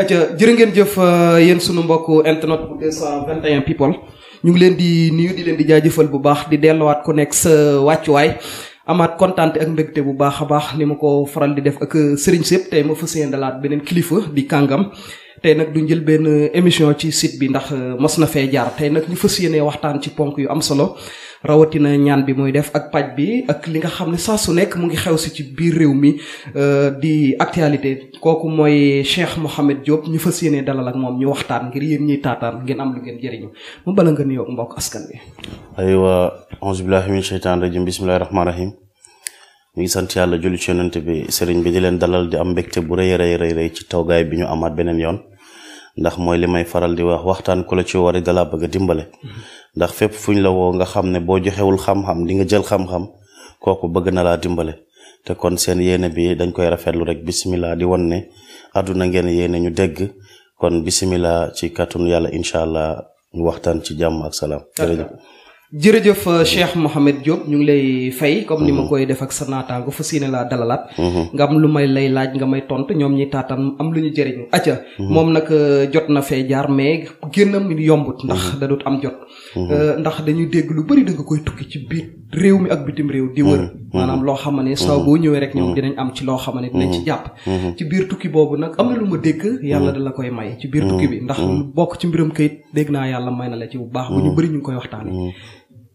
aja jërë ngeen jëf euh, yéen sunu mbokk internet bu 221 people ñu ngi leen di nuyu di leen di jaajëfal bu baax di delluwaat ku nekk sa wàccuwaay amaat kontaan ak mbégte bu baax a baax ni ma ko faral di def ak euh, sëriñ sépp tey ma fas yéene dalaat beneen kilifa di kàngam tey nag du njël benn émission ci site bi ndax euh, mos na fee jaar tey nag ñu fas yéenee waxtaan ci ponk yu am solo rawatina ñaan bi muy def ak paj bi ak li nga xam ne saa su nekk mu ngi xew si ci biir réew mi euh, di actualité kooku mooy Cheikh Mouhamed Diop ñu fas yéenee dalal ak moom ñu waxtaan ngir yéen ñiy taataan ngeen am lu ngeen jëriñu mu bala nga nuyoo mbokk askan bi aywa auzu billahi min shaytaan rajim bismillahi rahmaani rahim ñu ngi sant yàlla julli ci yonent bi bi di leen dalal di am mbégte bu rëy rëy rëy rëy ci tawgaay bi ñu amaat beneen yoon ndax mooy li may faral di wax waxtaan ko la ci wari dalaa bëgg a dimbale ndax fépp fu ñu la woo nga xam ne boo joxewul xam-xam di nga jël xam-xam kooku bëgg na laa dimbale te kon seen yéene bi dañ koy rafetlu rek bisimilah di wan ne àdduna ngeen yéene ñu dégg kon bisimilah ci kàttanu yàlla incha allah ñu waxtaan ci jàmm ak salaam jërëjëf euh, Cheikh Mouhamed Diop ñu ngi lay fay comme ni ma mhm. koy def ak sa naataango fa siine laa dalalaat mhm. nga am lu may lay laaj nga may tontu ñoom ñi taataan am lu ñu jëriñu aca mhm. moom nag euh, jot na fee jaar mais génnam yombut ndax da am jot euh, ndax dañuy dégg lu bëri da koy tukki ci biir réew mi ak bitim réew di wër maanaam loo xam ne saa boo ñëwee rek ñoom dinañ am ci loo xam ne ñi ci jàpp ci biir tukki boobu nag am na lu ma dégg yàlla da la koy may ci biir tukki bi ndax bokk ci mbiram kayit dégg naa yàlla may na la ci bu baax bu bëri ñu koy waxtaane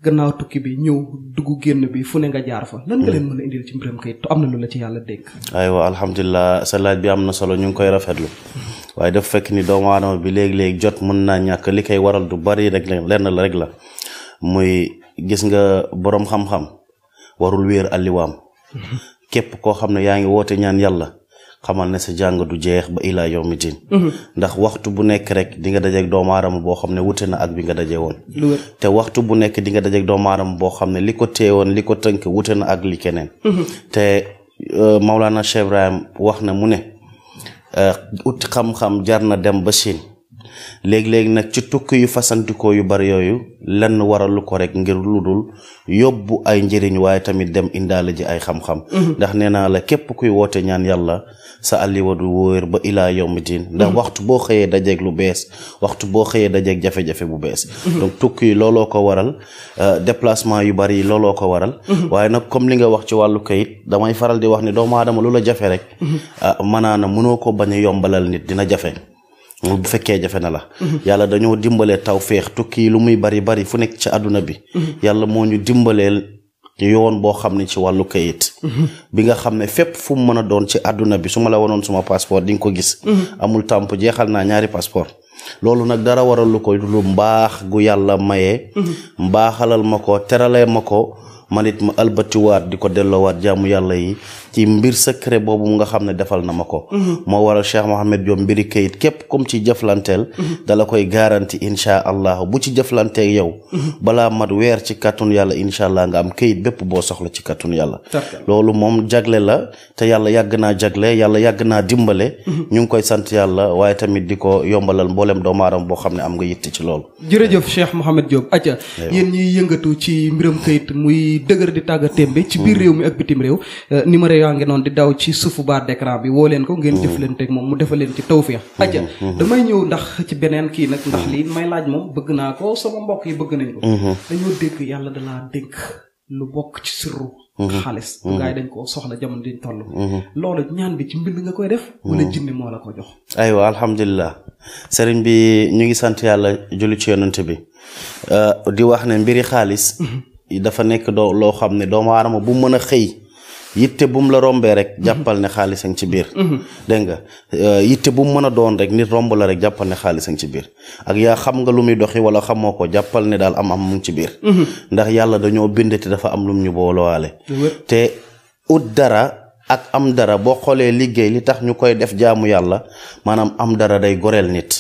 gannaaw tukki bi ñëw dugg génn bi fu ne nga jaar fa lan nga hmm. leen mën a indil ci mbiram kayit am na lu la ci yàlla dénk. aywa alhamdulilah sa laaj bi am na solo ñu ngi koy rafetlu hmm. waaye dafa fekk ni doomu aadama bi léegi-léegi jot mën naa ñàkk li koy waral du bari rek lenn la rek la muy gis nga boroom xam-xam warul wéer alliwaam hmm. képp koo xam ne yaa ngi woote ñaan yàlla xamal ne sa jàng du jeex ba ilaa yow mitin mhm. ndax waxtu bu nekk rek di nga dajeeg doomu aadama boo xam ne wute na ak bi nga daje woon te waxtu bu nekk di nga dajeeg doomu boo xam ne li ko teewoon li ko tënk wute na ak li keneen mhm. te euh, Maulana Cheikh Ibrahim wax na mu ne euh, ut xam-xam jar na dem ba Chine léegi-léegi nag ci tukki yu fasantikoo yu bari yooyu lenn waralu ko rek ngir lu dul yóbbu ay njëriñ waaye tamit dem indaale ji ay xam-xam mhm. ndax nee naa la képp kuy woote ñaan yàlla sa alliwa du wóor ba illa yawmi diin mhm. ndax waxtu boo xëyee dajeeg lu bees waxtu boo xëyee dajeeg jafe-jafe bu bees mhm. donc tukki yi looloo ko waral euh, déplacement yu bari yi looloo ko waral waaye nag comme li nga wax ci wàllu kayit damay faral di wax ni doomu aadama lu la jafe rek maanaam ah, mënoo ko bañ a yombalal nit dina jafe bu fekkee jafe na la. yàlla dañoo dimbalee taw féex tukki lu muy bari bari fu nekk ci àdduna bi. yàlla moo ñu dimbaleel yoon boo xam ne ci wàllu kayit. bi nga xam ne fépp fu mu mën a doon ci àdduna bi su ma la wanoon suma passeport di nga ko gis. amul tàmp jeexal naa ñaari passeport. loolu nag dara waral lu ko lu mbaax gu yàlla mayee mbaaxalal ma ko teralee ma ko man it ma albatiwaat di ko delloowaat jaamu yàlla yi ci mbir secret boobu nga xam ne defal na ma ko mm-hmm. moo waral Cheikh Mohamed Diop mbiri kayit képp comme ci jëflanteel mm-hmm. dala koy garanti insha allah bu ci jëflanteeg yow mm-hmm. balaa mat weer ci kàttun yàlla insha allah nga am kayit bépp boo soxla ci kàttun yàlla loolu moom jagle la te yàlla yàgg naa jagle yàlla yàgg naa dimbale ñu ngi koy sant yàlla waaye tamit di ko yombalal mboolem doomu aadama boo xam ne am nga yitte ci loolu jërëjëf Cheikh Mohamed Diop aca yéen ci mbiram kayit muy dëgër di client ngi noonu di daw ci suufu baar d'écran bi woo leen ko ngeen jëflanteeg moom mu defal leen ci tawféex mm-hmm. aja mm-hmm. damay ñëw ndax ci beneen kii nag ndax mm-hmm. lii may laaj moom bëgg naa ko sama mbokk yi bëgg nañ ko dañoo dégg yàlla dalaa dénk lu bokk ci sirru xaalis gars yi dañ ko soxla jamono di toll loolu ñaan bi ci mbind nga koy def wala jinne moo la ko jox aywa alhamdulilah sëriñ bi ñu ngi sant yàlla julli ci yonante bi euh, di wax ne mbiri xaalis dafa nekk doo loo xam ne doomu aadama bu mën a xëy yitte bu mu la rombee rek mhm. jàppal ne xaalis a ci biir mhm. dégg nga euh, yitte bu mu mën a doon rek nit romb la rek jàppal ne xaalis a ci biir ak yaa xam nga lu muy doxi wala xamoo ko jàppal ne daal am am mu ci biir mhm. ndax yàlla dañoo bind te dafa am lu mu ñu boolowaale te ut dara ak am dara boo xoolee liggéey li tax ñu koy def jaamu yàlla maanaam am dara day goreel nit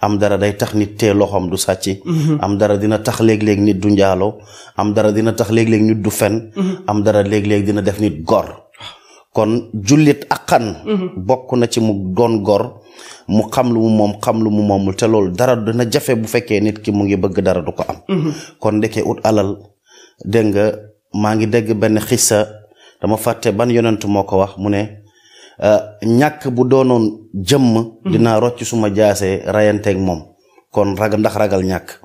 am dara day tax nit te loxoom du sàcc. Mm-hmm. am dara dina tax léeg-léeg nit du njaaloo am dara dina tax léeg-léeg nit du fen mm-hmm. am dara léeg-léeg dina def nit gor kon jullit xan mm-hmm. bokk na ci mu doon gor mu xam lu mu moom xam lu mu moomul te loolu dara dina jafe bu fekkee nit ki mu ngi bëgg dara du ko am kon ndekee ut alal dégg nga maa ngi dégg benn xissa dama fàtte ban yonent moo ko wax mu ne Euh, ñàkk bu doonoon jëmm mhm. dinaa rocc suma rayante rayanteeg moom kon ragal ndax ragal ñàkk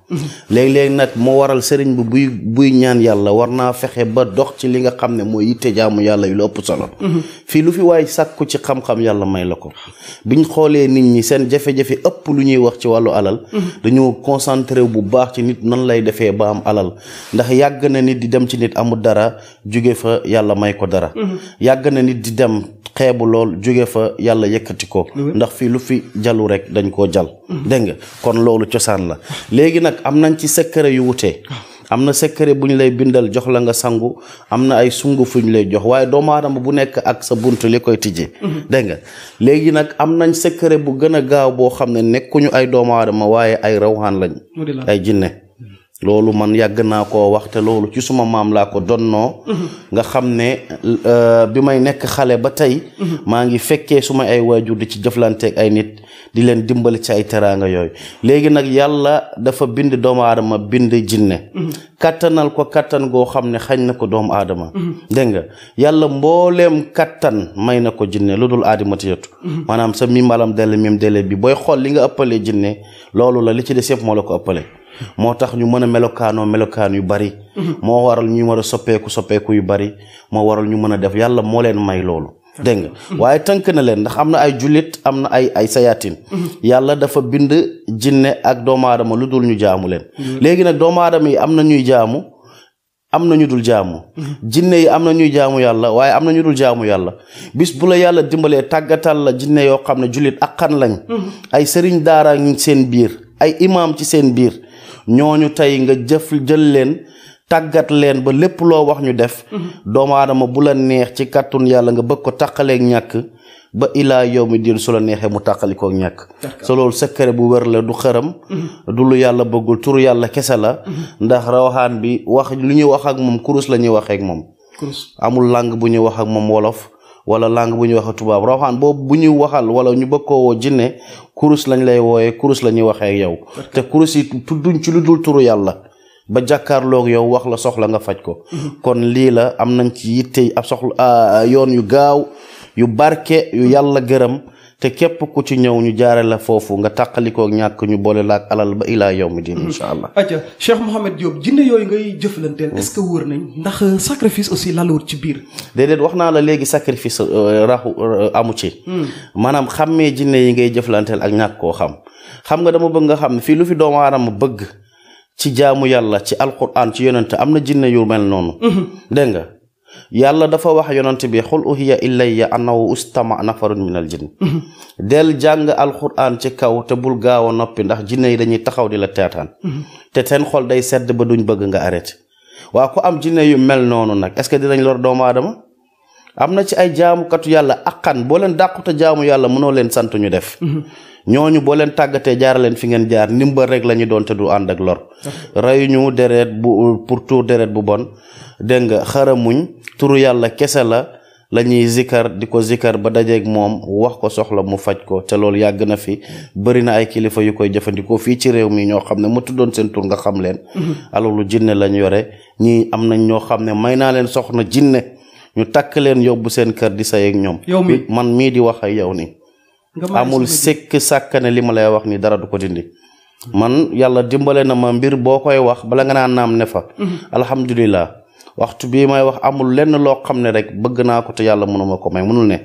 léeg-léeg nag moo waral sëriñ bi buy buy ñaan yàlla war naa fexe ba dox ci li nga xam ne mooy yitte jaamu yàlla yu la ëpp solo fii lu fi waay sàkku ci xam-xam yàlla may la ko bi ñu xoolee nit ñi seen jafe-jafe ëpp lu ñuy wax ci wàllu alal dañoo concentré bu baax ci nit nan lay defee ba am alal ndax yàgg na nit di dem ci nit amul dara jóge fa yàlla may ko dara yàgg na nit di dem xeebu lool jóge fa yàlla yëkkati ko ndax fii lu fi jalu rek dañ koo loolu cosaan la léegi nag am nañ ci secret yu wute am na secret bu ñu lay bindal jox la nga sangu am na ay sungu fu lay jox waaye doomu aadama bu nekk ak sa bunt li koy tijji dégg nga léegi nag am nañ secret bu gën a gaaw boo xam ne nekkuñu ay doomu aadama waaye ay rawxaan lañ ay jinne loolu man yàgg naa ko wax loolu ci suma maam laa ko donnoo nga xam ne euh, bi may nekk xale ba tey maa ngi fekkee suma ay waajur di ci jëflanteeg ay nit di leen dimbali ci ay teraanga yooyu léegi nag yàlla dafa bind doomu aadama bind jinne mm-hmm. kattanal ko kattan goo xam ne xañ na ko doomu aadama mm-hmm. dégg nga yàlla mbooleem kattan may na ko jinne lu dul aadimati yotu mm-hmm. maanaam sa mi mbalam delle mim delle bi booy xool li nga ëppalee jinne loolu la li ci des yëpp moo la ko ëppale moo tax ñu mën a melokaanoo melokaan yu bari moo waral ñu war a soppeeku soppeeku yu bari moo waral ñu mën a def yàlla moo leen may loolu dégg nga mm-hmm. waaye tënk na leen ndax am na ay jullit am na ay ay sayatin mm-hmm. yàlla dafa bind jinne ak doomu aadama lu dul ñu jaamu leen mm-hmm. léegi nag doomu yi am na ñuy jaamu am na ñu dul jaamu jinne yi am na ñuy jaamu yàlla waaye am na ñu dul jaamu yàlla bis bu la yàlla dimbalee tàggatal la jinne yoo xam ne jullit akkan lañ ay sëriñ daara seen biir ay imaam ci seen biir ñooñu tey nga jëf jël leen tàggat leen ba lépp loo wax ñu def doomu aadama bu la neex ci kàttun yàlla nga bëgg ko taqaleeg ñàkk ba ilaa yow mi diin su la neexee mu tàqalikook ñàkk sa loolu secret bu wër la du xëram mm-hmm. du lu yàlla bëggul tur yàlla kese la mm-hmm. ndax rawaxaan bi wax li ñuy wax ak moom kurus la ñuy waxeek moom amul langue bu ñuy wax ak moom wolof wala langue bu ñuy wax tubaab rawaxaan boobu bu ñuy waxal wala ñu bëgg koo woo jinne kurus lañ lay wooyee kurus la ñuy waxee yow te kurus yi tudduñ ci lu dul yàlla ba jàkkaarloog yow wax la soxla nga faj ko kon lii la am nañ ci yitte ab soxla ah, yoon yu gaaw yu barke yu yàlla gërëm te képp ku ci ñëw ñu jaare la foofu nga tàqalikook ñàkk ñu boole la ak alal ba ilaa yawmi diin mm-hmm. incha allah aja Cheikh Mouhamed Diop jinne yooyu ngay jëflanteel est-ce nañ ndax euh, sacrifice aussi laluwut ci biir déedéet wax naa la léegi sacrifice euh, raxu euh, amu ci mm. maanaam xàmmee jinne yi ngay jëflanteel ak ñàkk koo xam xam nga dama bëgg nga xam fii lu fi doomu aadama bëgg ci jaamu yàlla ci alquran ci yonent am na jinne yu mel noonu mhm. dégg nga yàlla dafa wax yonent bi xul uhiya ilayya annahu ustama nafarun min al jinn mhm. del jàng alquran ci kaw te bul gaaw noppi ndax jinne yi dañuy taxaw di la teetaan mhm. te seen xol day sedd ba duñ bëgg nga arrêté waa ku am jinne yu mel noonu nag est-ce que dinañ lor doomu aadama am na ci ay jaamukatu yàlla akkan boo leen dàqute jaamu yàlla mënoo leen sant ñu def ñooñu boo leen tàggatee jaar leen fi ngeen jaar ndimbal rek la ñu doon te du ànd ak lor reyuñu deret bu pour tuur deret bu bon dégg nga xaramuñ tur yàlla kese la la ñuy zikar di ko zikar ba dajeek moom wax ko soxla mu faj ko te loolu yàgg na fi bëri na ay kilifa yu koy jëfandikoo fii ci réew mi ñoo xam ne mu doon seen tur nga xam leen mm-hmm. alalu jinne lañ yore ñii am na ñoo xam ne may naa leen soxna jinne ñu takk leen yóbbu seen kër di say ak ñoom man mii di wax ak yow nii amul sëkk sàkk ne li ma lay wax nii dara du ko dindi man yàlla dimbale na ma mbir boo koy wax bala nga naa naam ne fa mm-hmm. alhamdulilah waxtu bii may wax amul lenn loo xam ne rek bëgg naa ko te yàlla mënuma ko may mënul ne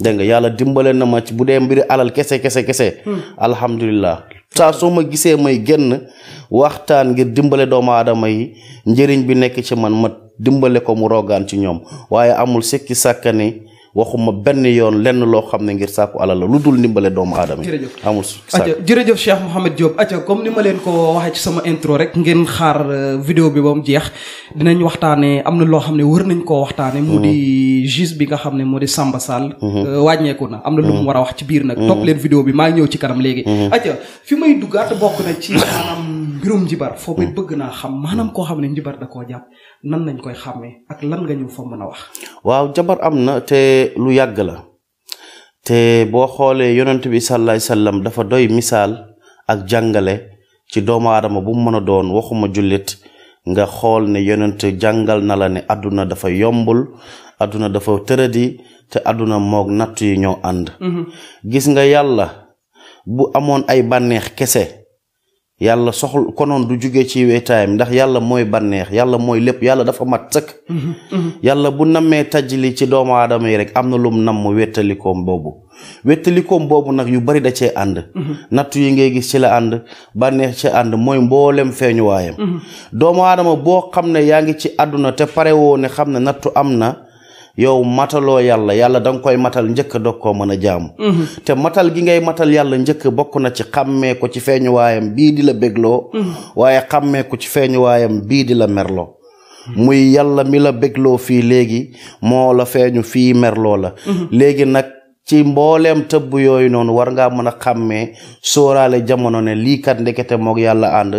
dégg nga yàlla dimbale na ma ci bu dee mbir alal kese kese kese mm-hmm. alhamdulilah saa soo ma gisee may génn waxtaan ngir dimbale doomu aadama yi njëriñ bi nekk ci man ma dimbale ko mu rogaan ci ñoom waaye amul sëkki sàkka waxuma benn yoon lenn loo xam ne ngir sàkku alal la lu dul ndimbale doomu aadama yi amul sàkk jërëjëf Cheikh Mouhamed Diop aca comme ni ma leen ko waxee ci sama intro rek ngeen xaar euh, vidéo bi ba mu jeex dinañ waxtaane am na loo xam ne wër nañ koo waxtaane mu mhm. di juge bi nga xam ne moo di Samba Sall mhm. euh, wàññeeku na am na lu mu mhm. war a wax ci biir nag topp leen vidéo bi maa ñëw ci kanam léegi aca fi may duggaat bokk na ci maanaam mbirum njibar foofu it mm. bëgg naa xam maanaam koo xam ne njibar da koo jàpp nan lañ koy xàmmee ak lan nga ñu fa mën a wax. waaw jabar am na te lu yàgg la te boo xoolee yonent bi sallallaahu alayhi wa dafa doy misaal ak jàngale ci doomu aadama bu mën a doon waxuma jullit nga xool ne yonent jàngal na la ne àdduna dafa yombul àdduna dafa tëradi te àdduna moog natt yi ñoo ànd. Mm-hmm. gis nga yàlla bu amoon ay bànneex kese. yàlla soxla konoon du jugee ci wéetaayam ndax yàlla mooy bànneex yàlla mooy lépp yàlla dafa mat sëkk yàlla bu namee tajli ci doomu aadama yi rek am na lum namm wéttalikoom boobu wéttalikoom boobu nag yu bari da cee ànd nattu yi ngay gis ci la ànd bànneex ci ànd mooy mboolem feeñuwaayam mm-hmm. doomu aadama boo xam ne yaa ngi ci àdduna te pare woo ne xam ne nattu am na yow mataloo yàlla yàlla da koy matal njëkk dog koo mën a jaamu mhm. te matal gi ngay matal yàlla njëkk bokk na ci xàmmee ko ci feeñuwaayam bii di la bégloo mhm. waaye xàmmee ko ci feeñuwaayam bii di la merloo muy yàlla mi la bégloo fii léegi moo la feeñu fii merloo la mhm. léegi nag ci mbooleem tëbb yooyu noonu war ngaa mën a xàmmee sóoraale jamono ne lii kat ndekete moog yàlla ànd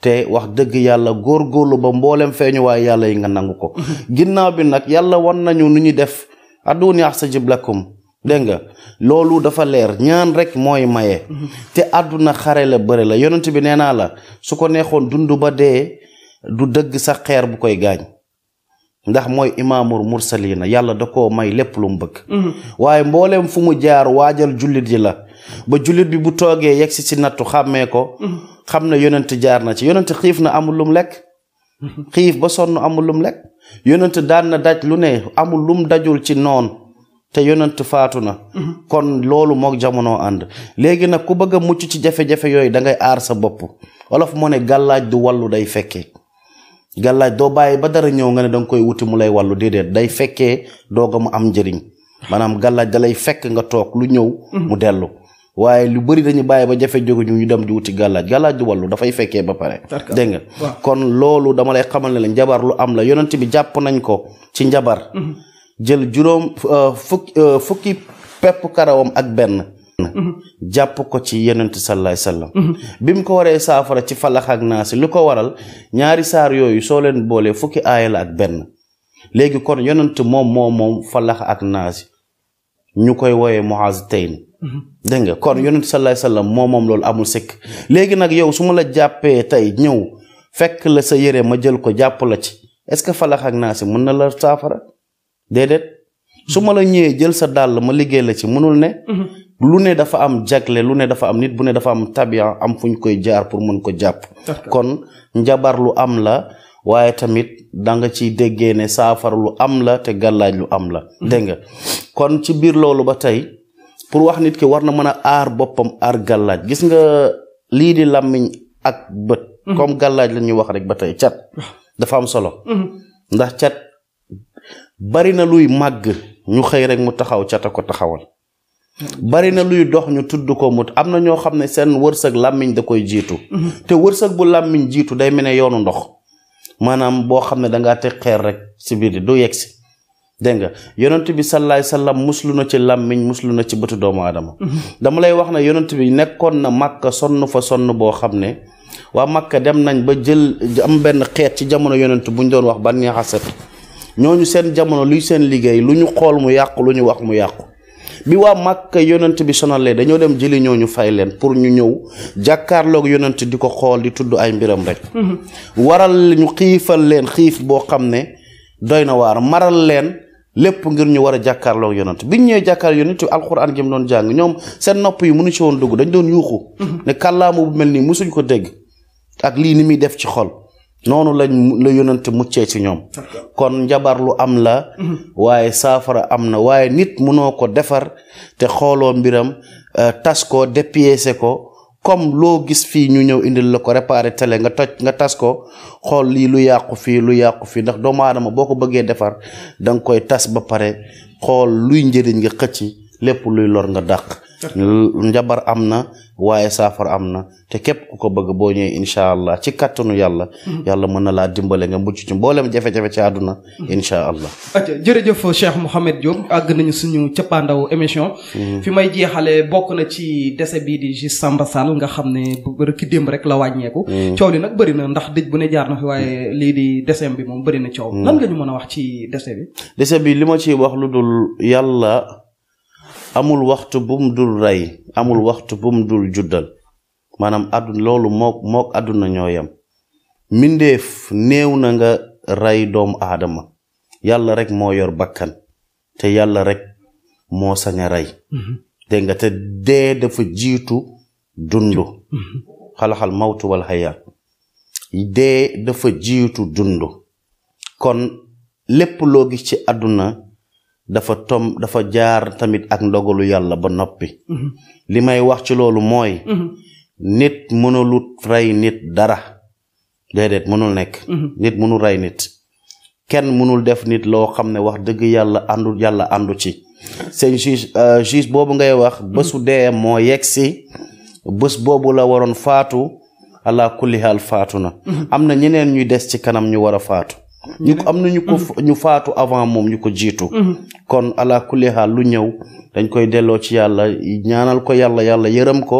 te wax dëgg yàlla góor góorlu ba mboolem feeñu waaye yàlla yi nga nangu ko mhm. ginnaaw bi nag yàlla wan nañu nu ñuy def adduuni astajib lakum dégg nga loolu dafa leer ñaan rek mooy maye mhm. te àdduna xare la bëre la yonent bi nee naa la su ko neexoon dund ba dee du dëgg sax xeer bu koy gaañ ndax mooy imaamul mursalina yàlla da koo may lépp lu mu bëgg mhm. waaye mbooleem fu mu jaar waajal jullit ji la ba jullit bi bu toogee yegg si si nattu xàmmee ko mhm. xam na yonent jaar na ci yonent xiif na amul lum lekk xiif ba sonn amul lum lekk yonent daan na daj lu ne amul lum dajul ci noon te yonent faatu na mhm. kon loolu moog jamono ànd léegi nag ku bëgg mucc ci jafe-jafe yooyu da ngay aar sa bopp olof moo ne gàllaaj du wallu day fekkee gàllaaj doo bàyyi ba dara ñëw nga ne danga koy wuti mu lay wàllu déedéet day fekkee dooga mu am njëriñ maanaam gàllaaj da lay fekk nga toog lu ñëw mhm. mu dellu waaye lu bëri dañu bàyyi ba jafe jóge ñu ñu dem di wuti gàllaaj gàllaaj du wallu dafay fekkee ba pare dégg nga kon loolu dama lay xamal ne la njabar lu am la yonent bi jàpp nañ ko ci njabar mhm. jël juróom euh, fukki euh, fukki pepp karawam ak benn jàpp ko ci yenent salaay sallam bi mu ko waree saafara ci falax ak naasi lu ko waral ñaari saar yooyu soo leen boolee fukki aaya ak benn léegi kon yonent moom moom moom falax ak naasi ñu koy woyee muaz tayn nga kon yonent salaay sallam moom moom loolu amul sikk léegi nag yow su ma la jàppee tey ñëw fekk la sa yére ma jël ko jàpp la ci est-ce que falax ak naasi mën na la saafara déedéet su ma la ñëwee jël sa dàll ma liggéey la ci mënul ne lu ne dafa am jagle lu ne dafa am nit bu ne dafa am tabia am fu ñu koy jaar pour mën ko jàpp kon njabar lu am la waaye tamit da nga ciy déggee ne saafara lu am la te gàllaaj lu am la mhm. dégg nga kon ci biir loolu ba tey pour wax nit ki war na mën a aar boppam aar gàllaaj gis nga lii di làmmiñ ak bët mhm. comme gàllaaj lañuy ñuy wax rek ba tey cat dafa am solo mhm. ndax cat bari na luy màgg ñu xëy rek mu taxaw cat ko taxawal bari na luy dox ñu tudd ko mut am na ñoo xam ne seen wërsëg làmmiñ da koy jiitu te wërsëg bu làmmiñ jiitu day mel ne yoonu ndox maanaam boo xam ne dangaa teg xeer rek si biir du yegg si dégg nga yonent bi salaay salaam muslu na ci làmmiñ muslu na ci bëtu doomu aadama dama lay wax ne yonent bi nekkoon na màkka sonn fa sonn boo xam ne waa màkka dem nañ ba jël am benn xeet ci jamono yonent bu ñu doon wax ban ñaaxaset ñooñu seen jamono luy seen liggéey lu ñu xool mu yàqu lu ñu wax mu yàqu bi waa Màkka yonent bi sonal sonalee dañoo dem jëli ñu fay leen pour ñu ñëw jàkkaarloog yonent di ko xool di tudd ay mbiram rek. Mm-hmm. waral ñu xiifal leen xiif boo xam ne doy na waar maral leen. lépp ngir ñu war a jàkkaarloo yonent bi ñu ñëwee jàkkaar yonent alxuraan gi mu doon jàng ñoom seen nopp yi mënu ci woon dugg dañ doon yuuxu mm-hmm. ne kàllaamu bu mel nii mosuñ ko dégg ak lii ni muy def ci xol noonu lañ la yonent muccee ci ñoom kon njabar lu am la mhm. waaye saafara am na waaye nit mënoo ko defar te xooloo mbiram euh, tas ko dépiécé ko comme loo gis fii ñu ñëw indil la ko réparé tele nga toj nga tas ko xool lii lu yàqu fii lu yàqu fii ndax doomu aadama boo ko bëggee defar danga koy tas ba pare xool luy njëriñ nga xëcc lépp luy lor nga dàq njabar am na waaye saafara am na te képp ku ko bëgg boo ñëwee incha allah ci kattanu yàlla. Mm-hmm. yàlla mën na laa dimbale nga mucc ci mboolem jafe-jafe ci àdduna. Mm-hmm. incha allah. atia jërëjëf Cheikh Mouhamed Diop àgg nañu suñu cappaandaw émission. Mm-hmm. fi may jeexalee bokk na ci dese bii di Juste Samba Sall nga xam ne rëkk démb rek la wàññeeku. coow li nag na ndax dëj bu ne jaar na fi waaye lii di dese bi moom bëri na coow. lan nga ñu mën a wax ci dese bi. dese bi li ma ci wax lu dul yàlla. amul waxtu bum dul rey amul waxtu bum dul juddal maanaam àdduna loolu mook mook àdduna ñoo yam mbindeef néew na nga rey doomu aadama yàlla rek moo yor bakkan te yàlla rek moo sañ a rey mhm. dégg nga te dee dafa jiitu dundu mhm. xalaxal mawtu wal xayaat dee dafa jiitu dundu kon lépp loo gis ci àdduna dafa tom dafa jaar tamit ak ndogalu yàlla ba noppi mm-hmm. li may wax ci loolu mooy mm-hmm. nit mënulut rey nit dara déedéet mënul nekk mm-hmm. nit mënul rey nit kenn mënul def nit loo xam ne wax dëgg yàlla àndu yàlla àndu ci seen juge euh, juge boobu ngay wax bësu dee moo yegg si bés boobu la waroon faatu ala kulli haal faatu na am na ñeneen ñuy des ci kanam ñu war a faatu ñu ko am na ñu ko ñu faatu avant moom ñu ko jiitu kon ala kulli xaal lu ñëw dañ koy delloo ci yàlla ñaanal ko yàlla yàlla yërëm ko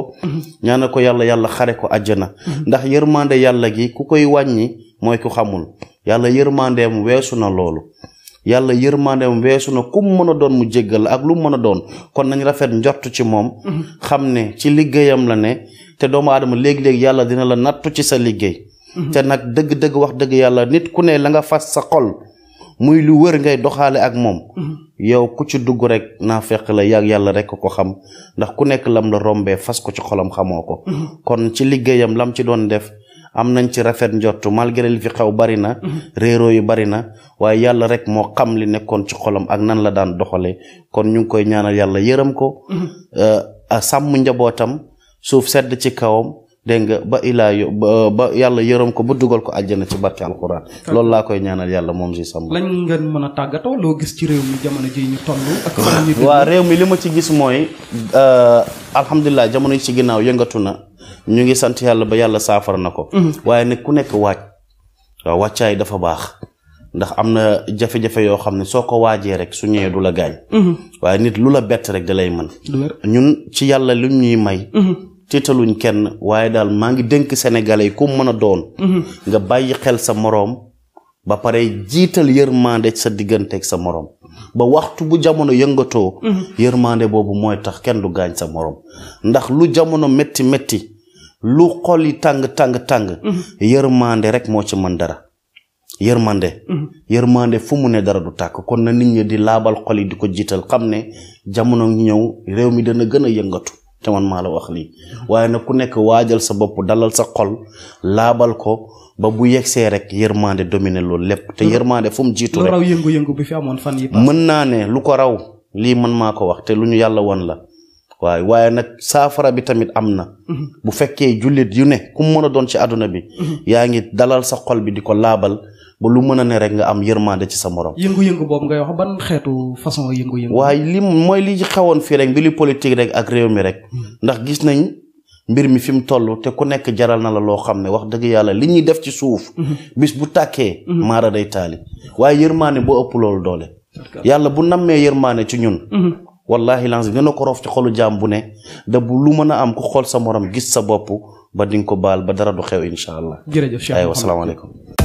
ñaanal ko yàlla yàlla xare ko àjjana ndax yërmande yàlla gi ku koy wàññi mooy ku xamul yàlla yërmandeem weesu na loolu yàlla yërmandeem weesu na ku mën a doon mu jéggal la ak lu mën a doon kon nañ rafet njort ci moom xam ne ci liggéeyam la ne te doomu adama léegi-léegi yàlla dina la nattu ci sa liggéey te nag dëgg-dëgg wax dëgg yàlla nit ku ne la nga fas sa xol muy lu wër ngay doxaale ak moom mhm. yow ku ci dugg rek naa fekk la yàgg yàlla rek ko xam ndax ku nekk lam la rombee fas ko ci xolam xamoo ko mhm. kon ci liggéeyam lam ci doon def am nañ ci rafet njott malgré li fi xew bari na mhm. réeroo yu bari na waaye yàlla rek moo xam li nekkoon ci xolam ak nan la daan doxalee kon ñu ngi koy ñaanal yàlla yërëm ko euh, sàmm njabootam suuf sedd ci kawam dégg nga ba ilaa yo ba yàlla yërëm ko ba dugal ko àjjana ci barke alquran loolu laa koy ñaanal yàlla moom si sàmm lañ nga mën a tàggatoo loo gis ci réew mi jamono ji waa réew mi li ma ci gis mooy euh, alhamdulilah jamono yi ci ginnaaw yëngatu na ñu ngi sant yàlla ba yàlla saafara na ko mm-hmm. waaye nag ku nekk waaj waaw wàccaay dafa baax ndax am na jafe-jafe yoo xam ne soo ko waajee rek su ñëwee du la gaañ mm-hmm. waaye nit lu la bett rek da mën ñun ci yàlla lu may mm-hmm. tiitaluñ kenn waaye daal maa ngi dénk sénégalais yi ku mën a doon. Mhm. nga bàyyi xel sa moroom. ba pare jiital yërmande sa diggante ak sa moroom. ba waxtu bu jamono yëngatoo. Mhm. yërmande boobu mooy tax kenn du gaañ sa moroom. ndax lu jamono metti metti lu xol yi tàng tàng tàng. Mhm. yërmande rek moo ci man dara. yërmande. yërmande fu mu ne dara du tàkk kon na nit ñi di laabal xol yi di ko jiital xam ne jamono ñëw réew mi dana gën a yëngatu. te man maa la wax lii waaye nag ku nekk waajal sa bopp dalal sa xol laabal ko ba bu yegsee rek yërmande dominer loolu lépp te yërmande fu mu jiitu rek raw yëngu bi fi amoon fan yi mën naa ne lu ko raw lii man maa ko wax te lu ñu yàlla woon la waaye waaye nag saafara bi tamit am na mhm. bu fekkee jullit yu ne ku mën a doon ci àdduna bi mhm. yaa ngi dalal sa xol bi di ko laabal ba lu mën a ne rek nga am yërmande ci sa morom. yëngu-yëngu boobu ngay wax ban xeetu façon yëngu waaye li mooy li xewoon fii rek mbiru politique rek ak réew mi rek. Hmm. ndax gis nañ mbir mi fi mu toll te ku nekk jaral na la loo xam ne wax dëgg yàlla li ñuy def ci suuf. Hmm. bis bu tàkkee. Hmm. maara day taali waaye yërmande boo ëpp doole. yàlla bu nammee yërmande ci ñun. wallahi lans gën a ci xolu jaam bu ne da lu mën a am xool sa morom gis sa bopp ba di ko baal ba dara du xew incha allah. jërëjëf Cheikh aywa salaamaaleykum.